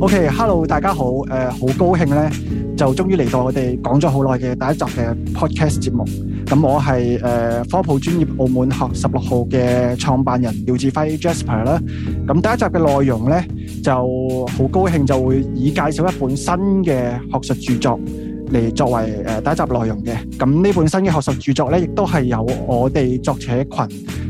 OK，Hello，okay，大家好，誒、呃，好高興呢，就終於嚟到我哋講咗好耐嘅第一集嘅 Podcast 節目。咁我係誒、呃、科普專業澳門學十六號嘅創辦人廖志輝 Jasper 啦。咁第一集嘅內容呢，就好高興就會以介紹一本新嘅學術著作嚟作為誒、呃、第一集內容嘅。咁呢本新嘅學術著作呢，亦都係由我哋作者群。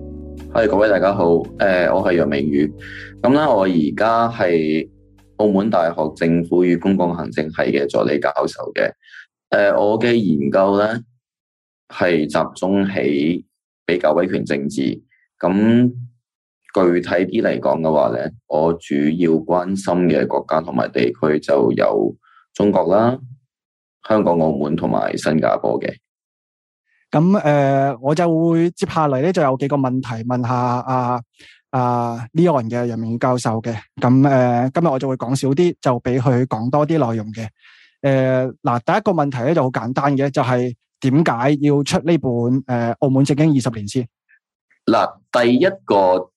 嗨各位大家好，誒、呃，我係楊鳴宇，咁、嗯、咧，我而家係澳門大學政府與公共行政系嘅助理教授嘅，誒、呃，我嘅研究咧係集中喺比較威權政治，咁、嗯、具體啲嚟講嘅話咧，我主要關心嘅國家同埋地區就有中國啦、香港、澳門同埋新加坡嘅。咁誒、呃，我就會接下嚟咧，就有幾個問題問下阿阿 Leon 嘅楊鳴宇教授嘅。咁誒、呃，今日我就會講少啲，就俾佢講多啲內容嘅。誒，嗱，第一個問題咧就好簡單嘅，就係點解要出呢本誒、呃、澳門政經二十年先。嗱、呃，第一個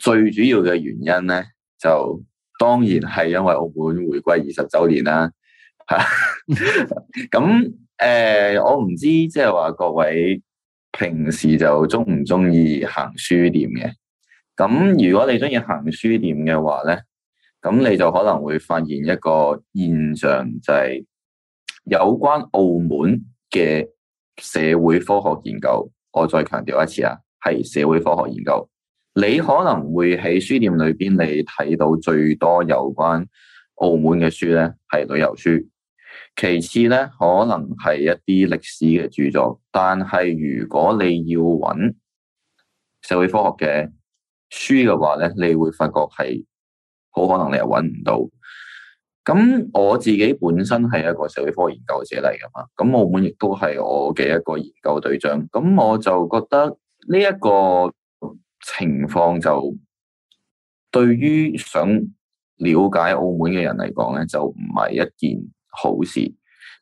最主要嘅原因咧，就當然係因為澳門回歸二十周年啦、啊。吓、啊，咁。 誒、呃，我唔知即係話各位平時就中唔中意行書店嘅？咁如果你中意行書店嘅話咧，咁你就可能會發現一個現象，就係、是、有關澳門嘅社會科學研究。我再強調一次啊，係社會科學研究。你可能會喺書店裏邊，你睇到最多有關澳門嘅書咧，係旅遊書。其次咧，可能係一啲歷史嘅著作，但係如果你要揾社會科學嘅書嘅話咧，你會發覺係好可能你又揾唔到。咁我自己本身係一個社會科學研究者嚟噶嘛，咁澳門亦都係我嘅一個研究對象，咁我就覺得呢一個情況就對於想了解澳門嘅人嚟講咧，就唔係一件。好事，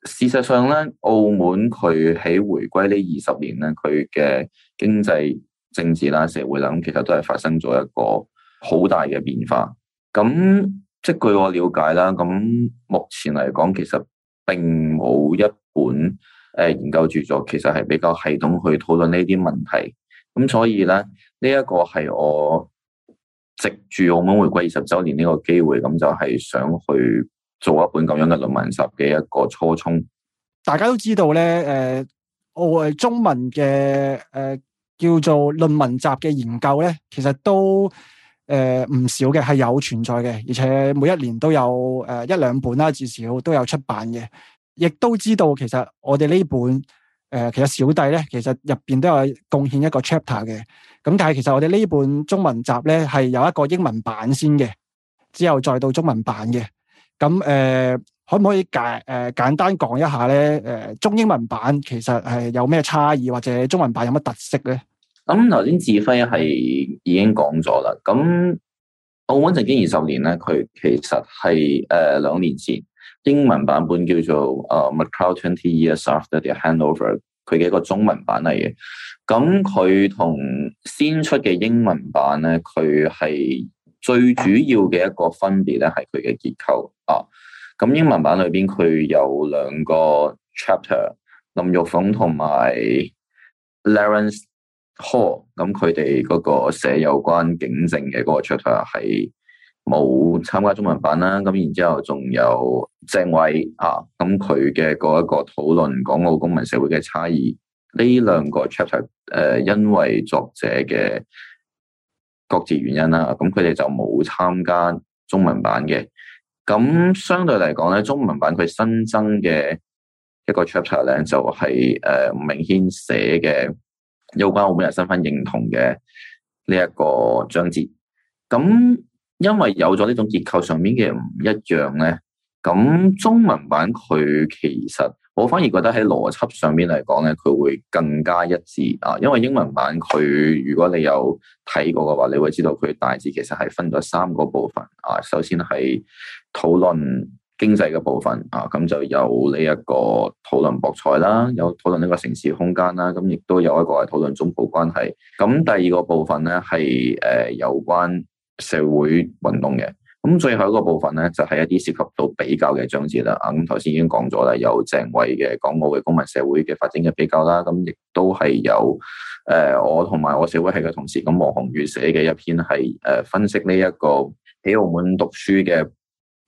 事實上咧，澳門佢喺回歸呢二十年咧，佢嘅經濟、政治啦、社會啦，咁其實都係發生咗一個好大嘅變化。咁即係據我了解啦，咁目前嚟講，其實並冇一本誒研究著作，其實係比較系統去討論呢啲問題。咁所以咧，呢一個係我藉住澳門回歸二十週年呢個機會，咁就係想去，做一本咁樣嘅論文集嘅一個初衷，大家都知道咧，誒、呃，我誒中文嘅誒、呃、叫做論文集嘅研究咧，其實都誒唔、呃、少嘅，係有存在嘅，而且每一年都有誒、呃、一兩本啦，至少都有出版嘅。亦都知道，其實我哋呢本誒、呃、其實小弟咧，其實入邊都有貢獻一個 chapter 嘅。咁但係，其實我哋呢本中文集咧，係有一個英文版先嘅，之後再到中文版嘅。咁誒、呃，可唔可以簡誒、呃、簡單講一下咧？誒、呃，中英文版其實係有咩差異，或者中文版有乜特色咧？咁頭先志輝係已經講咗啦。咁澳門政經二十年咧，佢其實係誒兩年前英文版本叫做《誒、呃、Macau Twenty Years After the Handover》，佢嘅一個中文版嚟嘅。咁佢同先出嘅英文版咧，佢係最主要嘅一個分別咧，係佢嘅結構。啊，咁英文版裏邊佢有兩個 chapter，林玉鳳同埋 Lawrence Ho，咁佢哋嗰個寫有關警政嘅嗰個 chapter 係冇參加中文版啦。咁然之後仲有鄭偉啊，咁佢嘅嗰一個討論港澳公民社會嘅差異，呢兩個 chapter，誒、呃，因為作者嘅各自原因啦，咁佢哋就冇參加中文版嘅。咁相對嚟講咧，中文版佢新增嘅一個 chapter 咧，就係、是、誒、呃、明軒鳴宇寫嘅有關澳門人身份認同嘅呢一個章節。咁因為有咗呢種結構上面嘅唔一樣咧，咁中文版佢其實我反而覺得喺邏輯上面嚟講咧，佢會更加一致啊。因為英文版佢如果你有睇過嘅話，你會知道佢大致其實係分咗三個部分啊。首先係討論經濟嘅部分啊，咁就有呢一個討論博彩啦，有討論呢個城市空間啦，咁亦都有一個係討論中葡關係。咁第二個部分咧係誒有關社會運動嘅。咁最後一個部分咧就係、是、一啲涉及到比較嘅章節啦。啊，咁頭先已經講咗啦，有鄭偉嘅港澳嘅公民社會嘅發展嘅比較啦。咁亦都係有誒、呃、我同埋我社會系嘅同事咁黃鴻宇寫嘅一篇係誒分析呢一個喺澳門讀書嘅。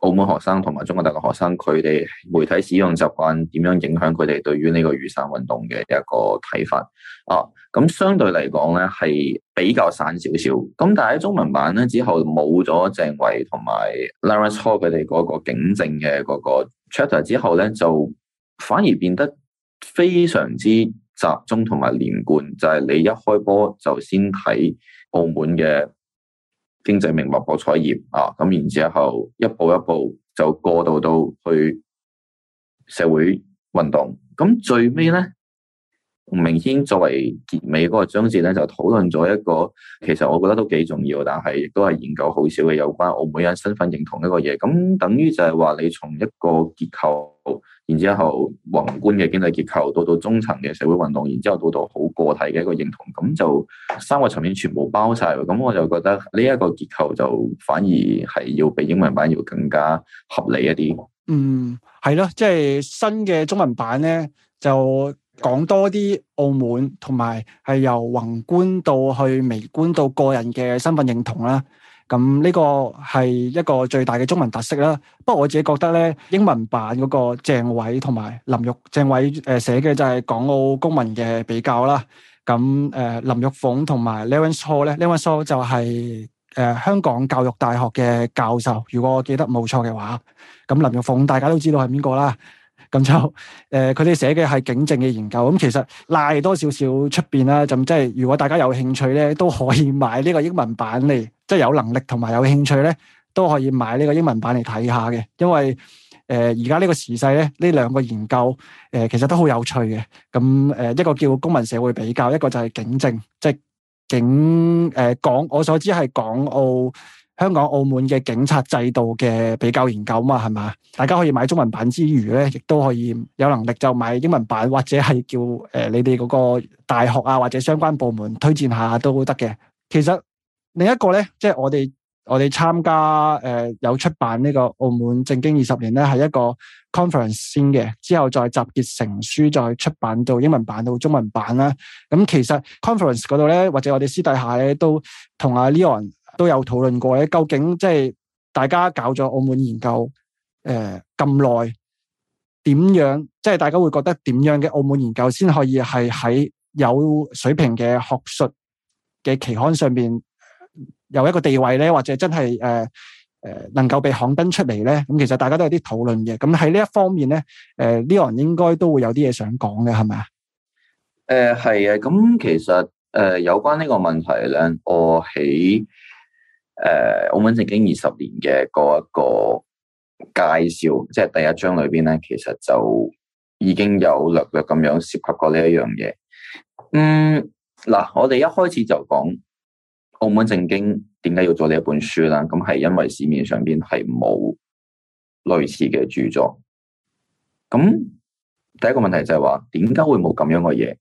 澳門學生同埋中國大陸學生，佢哋媒體使用習慣點樣影響佢哋對於呢個雨傘運動嘅一個睇法啊？咁相對嚟講咧，係比較散少少。咁但係喺中文版咧之後冇咗鄭偉同埋 Lawrence Ho 佢哋嗰個警政嘅嗰個 chapter 之後咧，就反而變得非常之集中同埋連貫。就係、是、你一開波就先睇澳門嘅。經濟命脈博彩業啊，咁然之後一步一步就過渡到去社會運動，咁最尾咧，明天作為結尾嗰個章節咧，就討論咗一個其實我覺得都幾重要，但係亦都係研究好少嘅有關澳門人身份認同一個嘢，咁等於就係話你從一個結構。然之後宏觀嘅經濟結構，到到中層嘅社會運動，然之後到到好個體嘅一個認同，咁就三個層面全部包晒。咁我就覺得呢一個結構就反而係要比英文版要更加合理一啲。嗯，係咯，即係新嘅中文版咧，就講多啲澳門，同埋係由宏觀到去微觀到個人嘅身份認同啦。咁呢個係一個最大嘅中文特色啦。不過我自己覺得咧，英文版嗰個鄭偉同埋林玉鄭偉誒寫嘅就係港澳公民嘅比較啦。咁誒林玉鳳同埋 Lawrence Ho 咧 Lawrence Ho 就係、是、誒、呃、香港教育大學嘅教授。如果我記得冇錯嘅話，咁林玉鳳大家都知道係邊個啦。咁就誒佢哋寫嘅係警政嘅研究。咁其實拉多少少出邊啦，就即、是、係如果大家有興趣咧，都可以買呢個英文版嚟。即係有能力同埋有興趣咧，都可以買呢個英文版嚟睇下嘅，因為誒而家呢個時勢咧，呢兩個研究誒其實都好有趣嘅。咁誒一個叫公民社會比較，一個就係警政，即係警誒港我所知係港澳香港澳門嘅警察制度嘅比較研究啊嘛，係嘛？大家可以買中文版之餘咧，亦都可以有能力就買英文版，或者係叫誒你哋嗰個大學啊或者相關部門推薦下都得嘅。其實。另一個咧，即、就、係、是、我哋我哋參加誒、呃、有出版呢個澳門政經二十年咧，係一個 conference 先嘅，之後再集結成書，再出版到英文版到中文版啦。咁、嗯、其實 conference 嗰度咧，或者我哋私底下咧都同阿 Leon 都有討論過咧，究竟即係大家搞咗澳門研究誒咁耐，點、呃、樣即係、就是、大家會覺得點樣嘅澳門研究先可以係喺有水平嘅學術嘅期刊上邊？有一個地位咧，或者真係誒誒，能夠被刊登出嚟咧，咁其實大家都有啲討論嘅。咁喺呢一方面咧，誒呢個人應該都會有啲嘢想講嘅，係咪啊？誒係啊，咁其實誒、呃、有關呢個問題咧，我喺誒、呃、澳門政經二十年嘅嗰一個介紹，即係第一章裏邊咧，其實就已經有略略咁樣涉及過呢一樣嘢。嗯，嗱，我哋一開始就講。澳門政經點解要做呢一本書啦？咁係因為市面上邊係冇類似嘅著作。咁第一個問題就係話，點解會冇咁樣嘅嘢？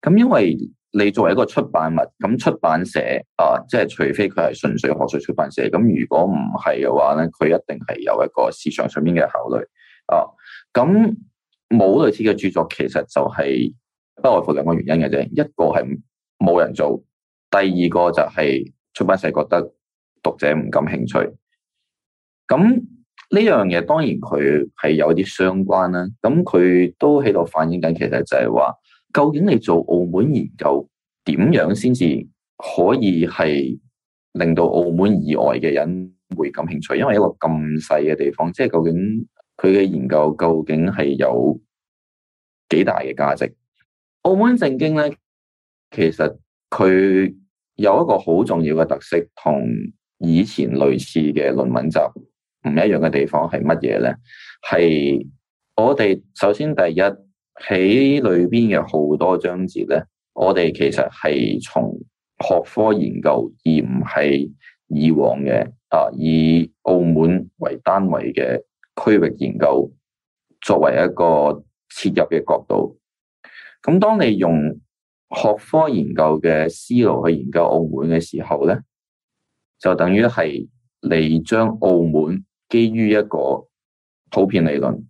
咁因為你作為一個出版物，咁出版社啊，即係除非佢係純粹學術出版社，咁、啊、如果唔係嘅話咧，佢一定係有一個市場上邊嘅考慮啊。咁冇類似嘅著作，其實就係不外乎兩個原因嘅啫。一個係冇人做。第二個就係出版社覺得讀者唔感興趣，咁呢樣嘢當然佢係有啲相關啦。咁佢都喺度反映緊，其實就係話，究竟你做澳門研究點樣先至可以係令到澳門以外嘅人會感興趣？因為一個咁細嘅地方，即係究竟佢嘅研究究竟係有幾大嘅價值？澳門正經呢，其實佢有一個好重要嘅特色，同以前類似嘅論文集唔一樣嘅地方係乜嘢咧？係我哋首先第一喺裏邊嘅好多章節咧，我哋其實係從學科研究，而唔係以往嘅啊以澳門為單位嘅區域研究，作為一個切入嘅角度。咁當你用學科研究嘅思路去研究澳門嘅時候咧，就等於係你將澳門基於一個普遍理論，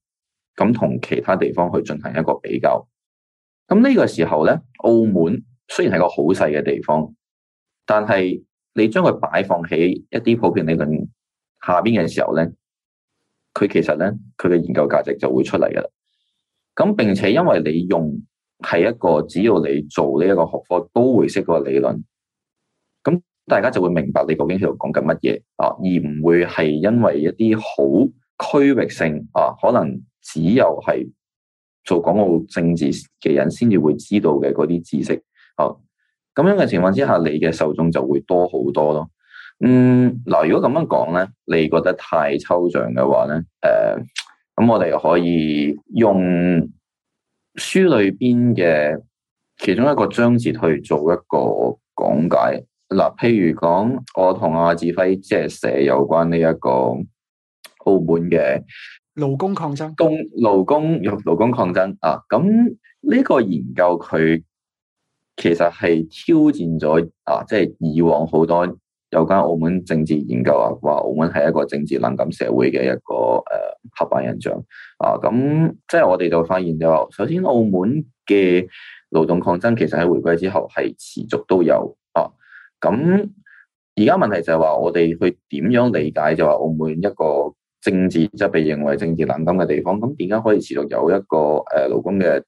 咁同其他地方去進行一個比較。咁呢個時候咧，澳門雖然係個好細嘅地方，但係你將佢擺放喺一啲普遍理論下邊嘅時候咧，佢其實咧佢嘅研究價值就會出嚟嘅啦。咁並且因為你用係一個，只要你做呢一個學科，都會識個理論。咁大家就會明白你究竟喺度講緊乜嘢啊，而唔會係因為一啲好區域性啊，可能只有係做港澳政治嘅人先至會知道嘅嗰啲知識啊。咁樣嘅情況之下，你嘅受眾就會多好多咯。嗯，嗱，如果咁樣講咧，你覺得太抽象嘅話咧，誒、啊，咁我哋可以用。書裏邊嘅其中一個章節去做一個講解，嗱，譬如講我同阿志輝即係寫有關呢一個澳門嘅勞工抗爭，勞工勞工勞工抗爭啊，咁呢個研究佢其實係挑戰咗啊，即係以往好多。有關澳門政治研究啊，話澳門係一個政治冷感社會嘅一個誒刻板印象啊，咁即係我哋就發現就話，首先澳門嘅勞動抗爭其實喺回歸之後係持續都有啊，咁而家問題就係話我哋去點樣理解就話澳門一個政治即係、就是、被認為政治冷感嘅地方，咁點解可以持續有一個誒勞工嘅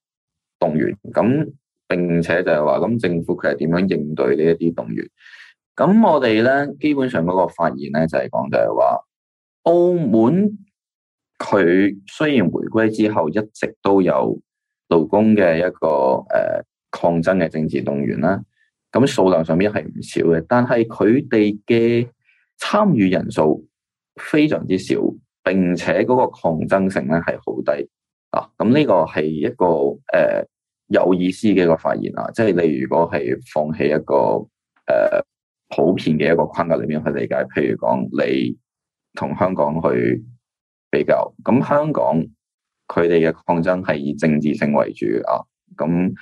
動員咁，並且就係話咁政府佢係點樣應對呢一啲動員？咁我哋咧，基本上嗰個發現咧，就係講就係話，澳門佢雖然回歸之後一直都有勞工嘅一個誒、呃、抗爭嘅政治動員啦，咁數量上面係唔少嘅，但係佢哋嘅參與人數非常之少，並且嗰個抗爭性咧係好低啊。咁呢個係一個誒、呃、有意思嘅一個發現啊，即係你如果係放棄一個誒。呃普遍嘅一個框架裏面去理解，譬如講你同香港去比較，咁香港佢哋嘅抗爭係以政治性為主啊，咁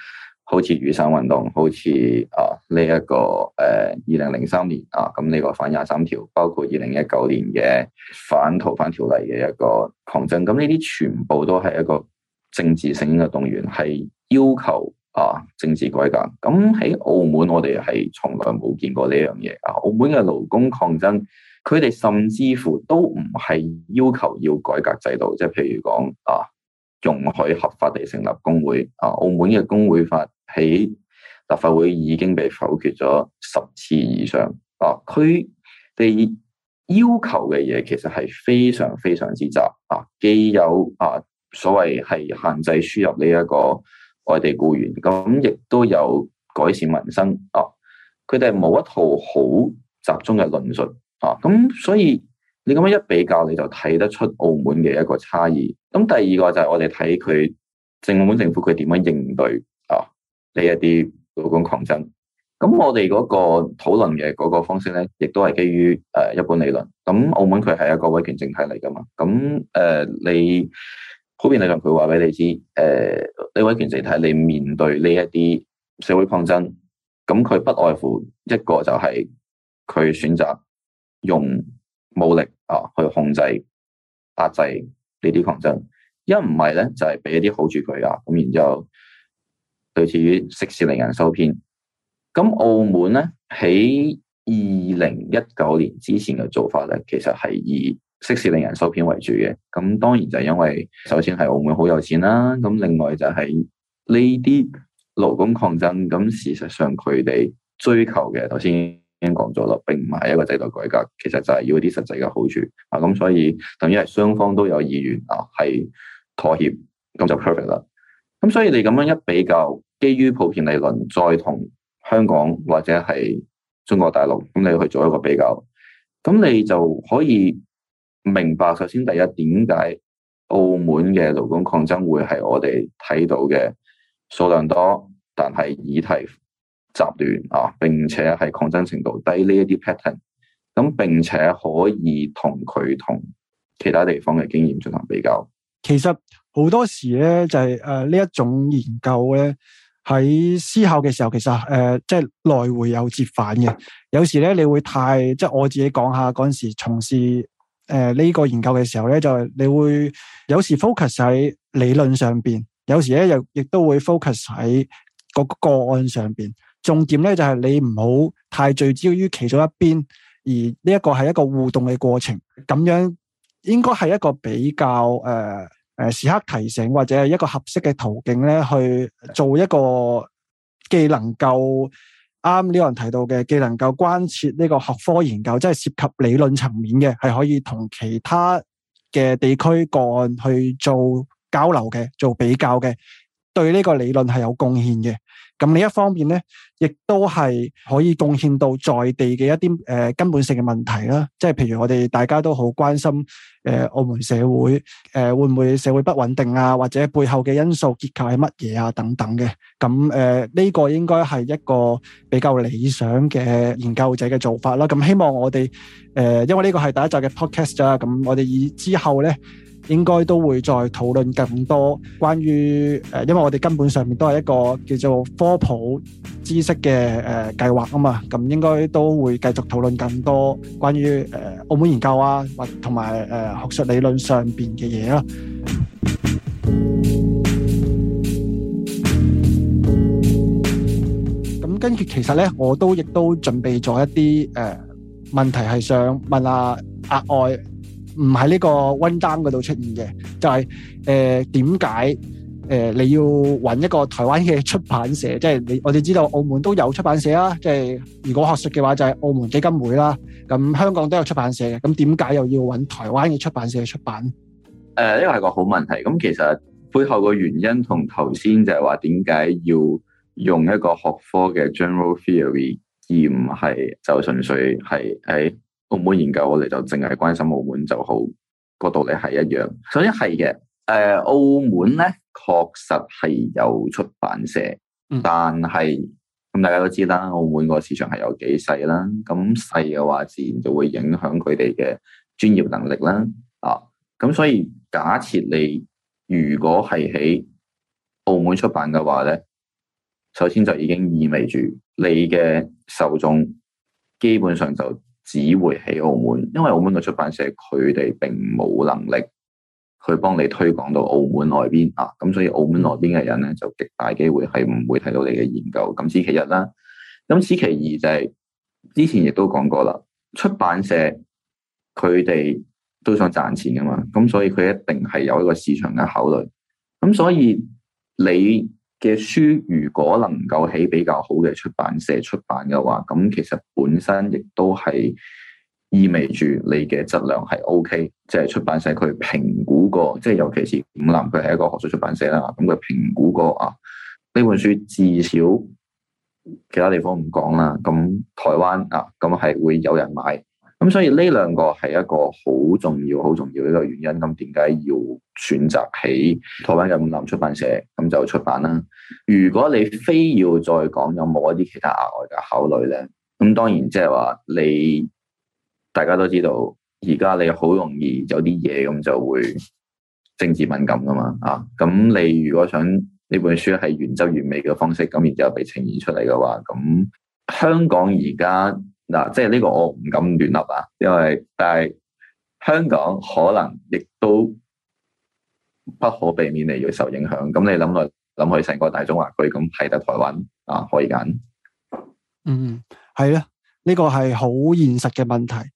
好似雨傘運動，好似啊呢一個誒二零零三年啊咁呢個反廿三條，包括二零一九年嘅反逃犯條例嘅一個抗爭，咁呢啲全部都係一個政治性嘅動員，係要求。啊！政治改革咁喺澳門，我哋係從來冇見過呢樣嘢啊！澳門嘅勞工抗爭，佢哋甚至乎都唔係要求要改革制度，即係譬如講啊，容許合法地成立工會啊！澳門嘅工會法喺立法會已經被否決咗十次以上啊！佢哋要求嘅嘢其實係非常非常之雜啊，既有啊所謂係限制輸入呢一個，外地僱員咁亦都有改善民生哦，佢哋冇一套好集中嘅論述哦，咁所以你咁樣一比較，你就睇得出澳門嘅一個差異。咁、嗯、第二個就係我哋睇佢，澳門政府、政府佢點樣應對啊呢一啲勞工抗爭。咁、嗯、我哋嗰個討論嘅嗰個方式咧，亦都係基於誒、呃、一般理論。咁、嗯、澳門佢係一個威權政體嚟噶嘛？咁、嗯、誒、呃、你。普遍嚟講，佢話俾你知，誒、呃、呢位權勢睇你面對呢一啲社會抗爭，咁佢不外乎一個就係佢選擇用武力啊去控制壓制呢啲抗爭，呢就是，一唔係咧就係俾一啲好處佢噶，咁然之後類似於息事令人收編。咁澳門咧喺二零一九年之前嘅做法咧，其實係以息事令人受騙為主嘅，咁當然就係因為首先係澳門好有錢啦，咁另外就係呢啲勞工抗爭，咁事實上佢哋追求嘅，頭先已經講咗啦，並唔係一個制度改革，其實就係要啲實際嘅好處啊，咁所以等於係雙方都有意願啊，係妥協，咁就 perfect 啦。咁所以你咁樣一比較，基於普遍理論，再同香港或者係中國大陸，咁你去做一個比較，咁你就可以。明白，首先第一，點解澳門嘅勞工抗爭會係我哋睇到嘅數量多，但係議題雜亂啊，並且係抗爭程度低呢一啲 pattern，咁並且可以同佢同其他地方嘅經驗進行比較。其實好多時咧就係誒呢一種研究咧喺思考嘅時候，其實誒即係來回有折返嘅。有時咧你會太即係、就是、我自己講下嗰陣時從事。誒，呢、呃這個研究嘅時候咧，就係、是、你會有時 focus 喺理論上面，有時咧又亦都會 focus 喺嗰個，個，個案上面。重點咧就係、是、你唔好太聚焦於其中一邊，而呢一個係一個互動嘅過程。咁樣應該係一個比較誒誒、呃呃，時刻提醒或者係一個合適嘅途徑咧，去做一個既能夠。啱呢個人提到嘅，既能夠關切呢個學科研究，即係涉及理論層面嘅，係可以同其他嘅地區個案去做交流嘅，做比較嘅，對呢個理論係有貢獻嘅。咁另一方面咧，亦都係可以貢獻到在地嘅一啲誒、呃、根本性嘅問題啦。即係譬如我哋大家都好關心，誒、呃、澳門社會誒、呃、會唔會社會不穩定啊，或者背後嘅因素結構係乜嘢啊等等嘅。咁誒呢個應該係一個比較理想嘅研究者嘅做法啦。咁、嗯、希望我哋誒、呃，因為呢個係第一集嘅 podcast 啊，咁、嗯、我哋以之後咧。應該都會再討論更多關於誒，因為我哋根本上面都係一個叫做科普知識嘅誒計劃啊嘛，咁應該都會繼續討論更多關於誒澳門研究啊，或同埋誒學術理論上面嘅嘢咯。咁跟住其實呢，我都亦都準備咗一啲誒問題，係想問下阿愛。唔喺呢個 window 嗰度出現嘅，就係誒點解誒你要揾一個台灣嘅出版社？即係你我哋知道澳門都有出版社啦，即係如果學術嘅話就係澳門基金會啦。咁香港都有出版社嘅，咁點解又要揾台灣嘅出版社出版咧？誒，呢個係個好問題。咁其實背後個原因同頭先就係話點解要用一個學科嘅 general theory，而唔係就純粹係喺。澳門研究我哋就淨係關心澳門就好，個道理係一樣。首先係嘅，誒，澳門咧確實係有出版社，嗯、但係咁大家都知啦，澳門個市場係有幾細啦。咁細嘅話，自然就會影響佢哋嘅專業能力啦。啊，咁所以假設你如果係喺澳門出版嘅話咧，首先就已經意味住你嘅受眾基本上就。只會喺澳門，因為澳門嘅出版社佢哋並冇能力去幫你推廣到澳門外邊啊，咁所以澳門外邊嘅人咧就極大機會係唔會睇到你嘅研究。咁此其一啦，咁此其二就係、是、之前亦都講過啦，出版社佢哋都想賺錢噶嘛，咁所以佢一定係有一個市場嘅考慮，咁所以你。嘅書如果能夠喺比較好嘅出版社出版嘅話，咁其實本身亦都係意味住你嘅質量係 OK，即係出版社佢評估過，即係尤其是五南佢係一個學術出版社啦，咁佢評估過啊，呢本書至少其他地方唔講啦，咁台灣啊，咁係會有人買。咁所以呢兩個係一個好重要、好重要嘅一個原因。咁點解要選擇喺台灣嘅五林出版社咁就出版啦？如果你非要再講，有冇一啲其他額外嘅考慮咧？咁當然即係話，你大家都知道，而家你好容易有啲嘢咁就會政治敏感噶嘛。啊，咁你如果想呢本書係原汁原味嘅方式咁，然之後被呈現出嚟嘅話，咁香港而家。嗱，即係呢個我唔敢亂立啊，因為但係香港可能亦都不可避免地要受影響。咁你諗落，諗去，成個大中華區咁係得台灣啊可以揀。嗯，係啦，呢、這個係好現實嘅問題。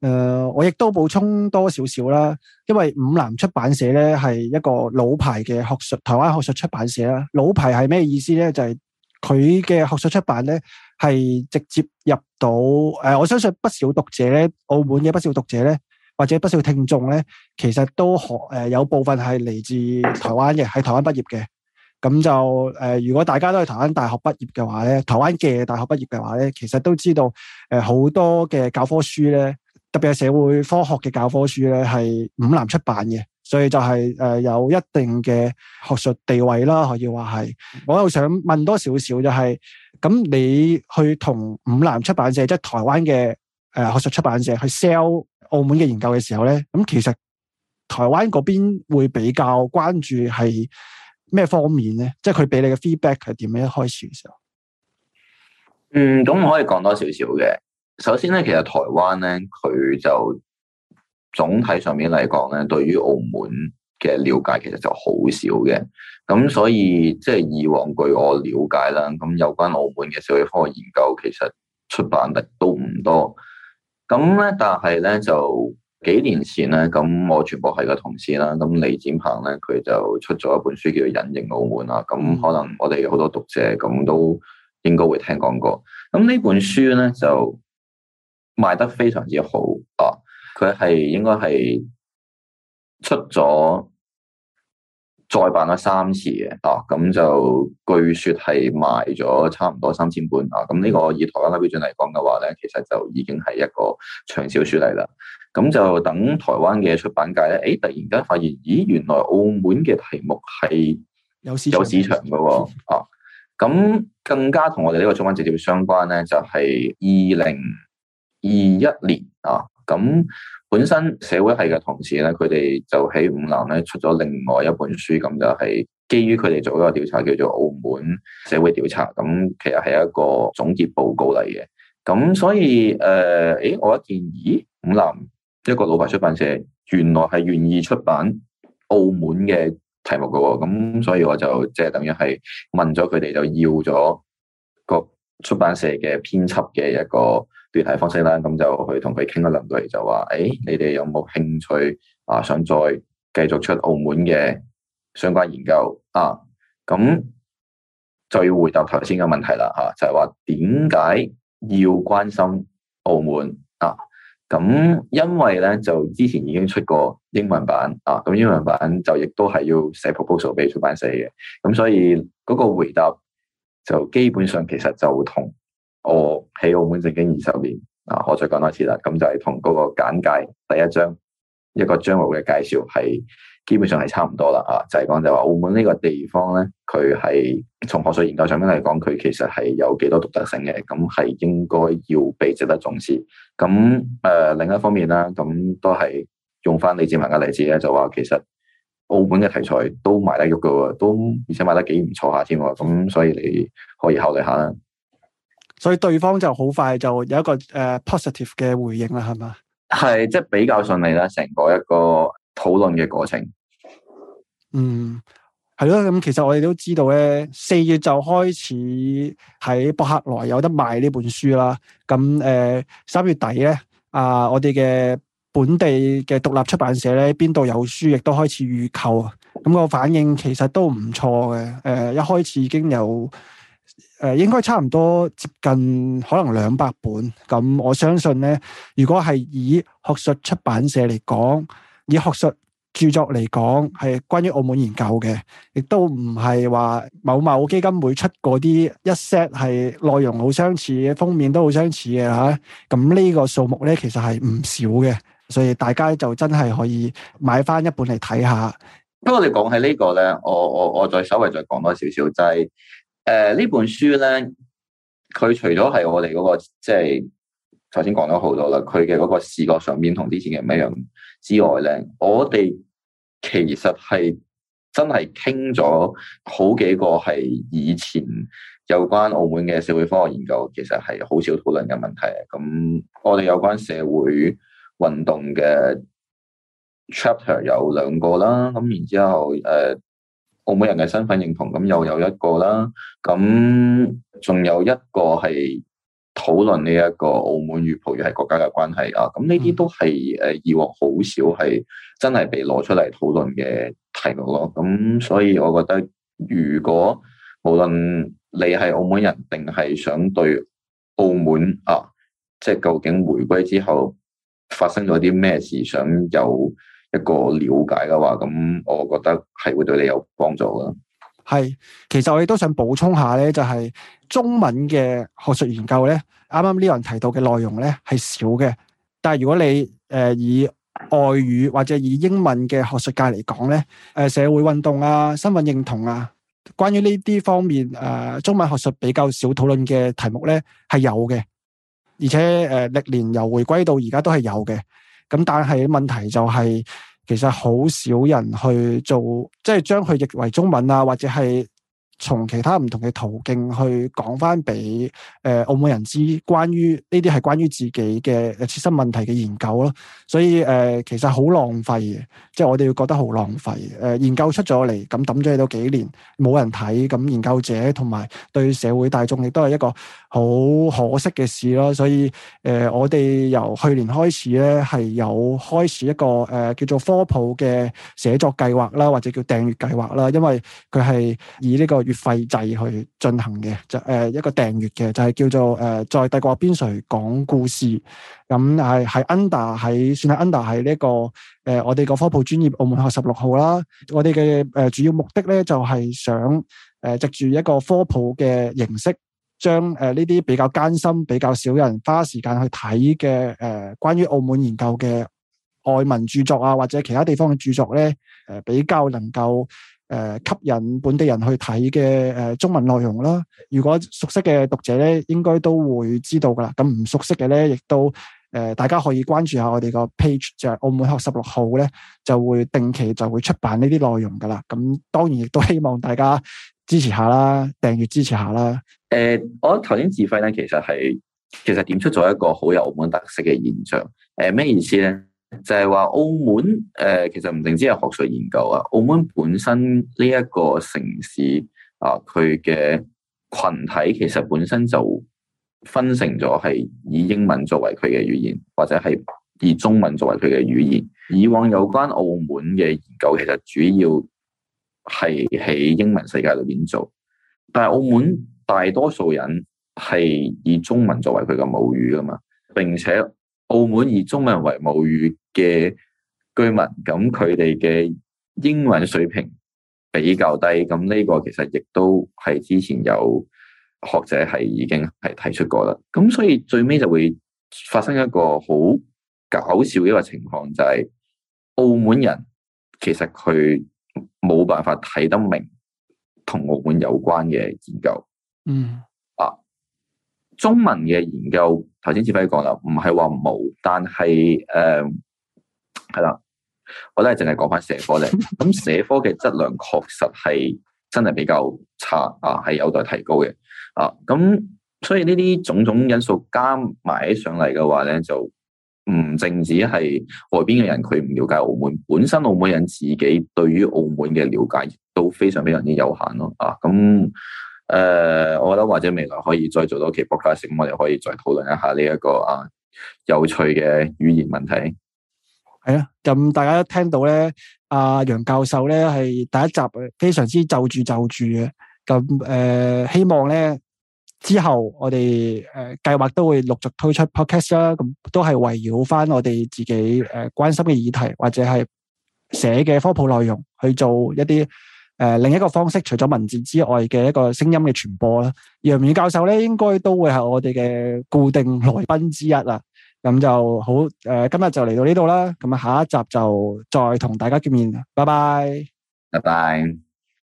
誒、呃，我亦都補充多少少啦，因為五南出版社咧係一個老牌嘅學術、台灣學術出版社啦。老牌係咩意思咧？就係、是。佢嘅學術出版咧，係直接入到，誒、呃，我相信不少讀者咧，澳門嘅不少讀者咧，或者不少聽眾咧，其實都學，誒、呃，有部分係嚟自台灣嘅，喺台灣畢業嘅，咁就，誒、呃，如果大家都喺台灣大學畢業嘅話咧，台灣嘅大學畢業嘅話咧，其實都知道，誒、呃，好多嘅教科書咧，特別係社會科學嘅教科書咧，係五南出版嘅。所以就係誒有一定嘅學術地位啦，可以話係。我又想問多少少就係、是，咁你去同五南出版社，即係台灣嘅誒學術出版社去 sell 澳門嘅研究嘅時候咧，咁其實台灣嗰邊會比較關注係咩方面咧？即係佢俾你嘅 feedback 係點樣咧？一開始嘅時候，嗯，咁我可以講多少少嘅。首先咧，其實台灣咧，佢就。總體上面嚟講咧，對於澳門嘅了解其實就好少嘅，咁所以即係以往據我了解啦，咁有關澳門嘅社會科學研究，其實出版力都唔多。咁咧，但係咧就幾年前咧，咁我全部係嘅同事啦，咁李展鵬咧，佢就出咗一本書叫做《隱形澳門》啊。咁可能我哋好多讀者咁都應該會聽講過。咁呢本書咧就賣得非常之好啊！佢係應該係出咗再版咗三次嘅啊，咁就據說係賣咗差唔多三千本啊。咁呢個以台灣嘅標準嚟講嘅話咧，其實就已經係一個長銷書嚟啦。咁就等台灣嘅出版界咧，誒，突然間發現，咦，原來澳門嘅題目係有市場嘅喎啊。咁更加同我哋呢個中文直接相關咧，就係二零二一年啊。咁本身社會系嘅同事咧，佢哋就喺五南咧出咗另外一本書，咁就係基於佢哋做一個調查，叫做《澳門社會調查》。咁其實係一個總結報告嚟嘅。咁所以誒，誒、呃，我一見，咦，五南一個老牌出版社，原來係願意出版澳門嘅題目㗎喎。咁所以我就即係等於係問咗佢哋，就要咗個出版社嘅編輯嘅一個。聯繫方式啦，咁就去同佢傾咗兩句，就話：誒、欸，你哋有冇興趣啊？想再繼續出澳門嘅相關研究啊？咁就要回答頭先嘅問題啦，嚇、啊，就係話點解要關心澳門啊？咁因為咧，就之前已經出過英文版啊，咁英文版就亦都係要寫 proposal 俾出版社嘅，咁所以嗰個回答就基本上其實就同。我喺澳門政經二十年啊，我再講多次啦，咁就係同嗰個簡介第一章一個章羅嘅介紹係基本上係差唔多啦啊，就係講就話澳門呢個地方咧，佢係從學術研究上面嚟講，佢其實係有幾多獨特性嘅，咁係應該要被值得重視。咁誒、呃，另一方面啦，咁都係用翻李志文嘅例子咧，就話其實澳門嘅題材都賣得喐噶，都而且賣得幾唔錯下添啊，咁所以你可以考慮下啦。所以對方就好快就有一個誒 positive 嘅回應啦，係嘛？係，即係比較順利啦，成個一個討論嘅過程。嗯，係咯。咁其實我哋都知道咧，四月就開始喺博客來有得賣呢本書啦。咁誒，三、呃、月底咧啊、呃，我哋嘅本地嘅獨立出版社咧，邊度有書，亦都開始預購啊。咁、咁個反應其實都唔錯嘅。誒、呃，一開始已經有。誒，應該差唔多接近可能兩百本，咁我相信呢，如果係以學術出版社嚟講，以學術著作嚟講，係關於澳門研究嘅，亦都唔係話某某基金會出嗰啲一 set 係內容好相似、封面都好相似嘅吓，咁呢個數目呢，其實係唔少嘅，所以大家就真係可以買翻一本嚟睇下。不過我哋講起呢個呢，我我我再稍微再講多少少就係、是。誒，呢本書咧，佢除咗係我哋嗰個，即係，頭先講咗好多啦，佢嘅嗰個視覺上面同之前嘅唔一樣之外咧，我哋其實係真係傾咗好幾個係以前有關澳門嘅社會科學研究，其實係好少討論嘅問題。咁我哋有關社會運動嘅 chapter 有兩個啦，咁然之後誒。呃澳門人嘅身份認同，咁又有一個啦，咁仲有一個係討論呢一個澳門與葡語系國家嘅關係啊，咁呢啲都係誒以往好少係真係被攞出嚟討論嘅題目咯，咁所以我覺得，如果無論你係澳門人，定係想對澳門啊，即係究竟回歸之後發生咗啲咩事，想有。一個了解嘅話，咁我覺得係會對你有幫助噶。係，其實我亦都想補充下咧，就係、是、中文嘅學術研究咧，啱啱呢個人提到嘅內容咧係少嘅。但係如果你誒、呃、以外語或者以英文嘅學術界嚟講咧，誒，社會運動啊、身份認同啊，關於呢啲方面誒、呃，中文學術比較少討論嘅題目咧係有嘅，而且誒、呃、歷年由回歸到而家都係有嘅。咁但係問題就係、是、其實好少人去做，即係將佢譯為中文啊，或者係，從其他唔同嘅途徑去講翻俾誒澳門人知，關於呢啲係關於自己嘅切身問題嘅研究咯，所以誒、呃、其實好浪費嘅，即係我哋要覺得好浪費誒、呃、研究出咗嚟，咁揼咗喺度幾年冇人睇，咁研究者同埋對社會大眾亦都係一個好可惜嘅事咯，所以誒、呃、我哋由去年開始咧係有開始一個誒、呃、叫做科普嘅寫作計劃啦，或者叫訂閱計劃啦，因為佢係以呢、這個，月費制去進行嘅就誒、呃、一個訂閱嘅就係、是、叫做誒在、呃、帝國邊陲講故事，咁係係 under 喺算係 under 喺呢、這個誒、呃、我哋個科普專頁澳門學十六號啦，我哋嘅誒主要目的咧就係、是、想誒、呃、藉住一個科普嘅形式，將誒呢啲比較艱深、比較少人花時間去睇嘅誒關於澳門研究嘅外文著作啊，或者其他地方嘅著作咧誒、呃、比較能夠。誒、呃、吸引本地人去睇嘅誒中文內容啦，如果熟悉嘅讀者咧，應該都會知道噶啦。咁唔熟悉嘅咧，亦都誒、呃、大家可以關注下我哋個 page，就係澳門學十六號咧，就會定期就會出版呢啲內容噶啦。咁當然亦都希望大家支持下啦，訂閱支持下啦。誒、呃，我頭先自費咧，其實係其實點出咗一個好有澳門特色嘅現象。誒、呃、咩意思咧？就係話澳門誒、呃，其實唔淨止係學術研究啊。澳門本身呢一個城市啊，佢、呃、嘅群體其實本身就分成咗，係以英文作為佢嘅語言，或者係以中文作為佢嘅語言。以往有關澳門嘅研究，其實主要係喺英文世界裏面做，但係澳門大多數人係以中文作為佢嘅母語㗎嘛，並且。澳門以中文為母語嘅居民，咁佢哋嘅英文水平比較低，咁呢個其實亦都係之前有學者係已經係提出過啦。咁所以最尾就會發生一個好搞笑嘅一個情況，就係澳門人其實佢冇辦法睇得明同澳門有關嘅研究。嗯。中文嘅研究，頭先志輝講啦，唔係話冇，但係誒係啦，我都係淨係講翻社科嚟。咁社科嘅質量確實係真係比較差啊，係有待提高嘅啊。咁所以呢啲種種因素加埋起上嚟嘅話咧，就唔淨止係外邊嘅人佢唔了解澳門，本身澳門人自己對於澳門嘅了解都非常非常之有限咯啊。咁誒、呃，我覺得或者未來可以再做多期 podcast，咁我哋可以再討論一下呢、這、一個啊有趣嘅語言問題。係啦，咁大家都聽到咧，阿、啊、楊教授咧係第一集非常之就住就住嘅。咁誒、呃，希望咧之後我哋誒、呃、計劃都會陸續推出 podcast 啦。咁都係圍繞返我哋自己誒、呃、關心嘅議題，或者係寫嘅科普內容去做一啲。誒另一個方式，除咗文字之外嘅一個聲音嘅傳播啦，楊鳴宇教授咧應該都會係我哋嘅固定來賓之一啦。咁就好，誒今日就嚟到呢度啦。咁啊下一集就再同大家見面。拜拜，拜拜。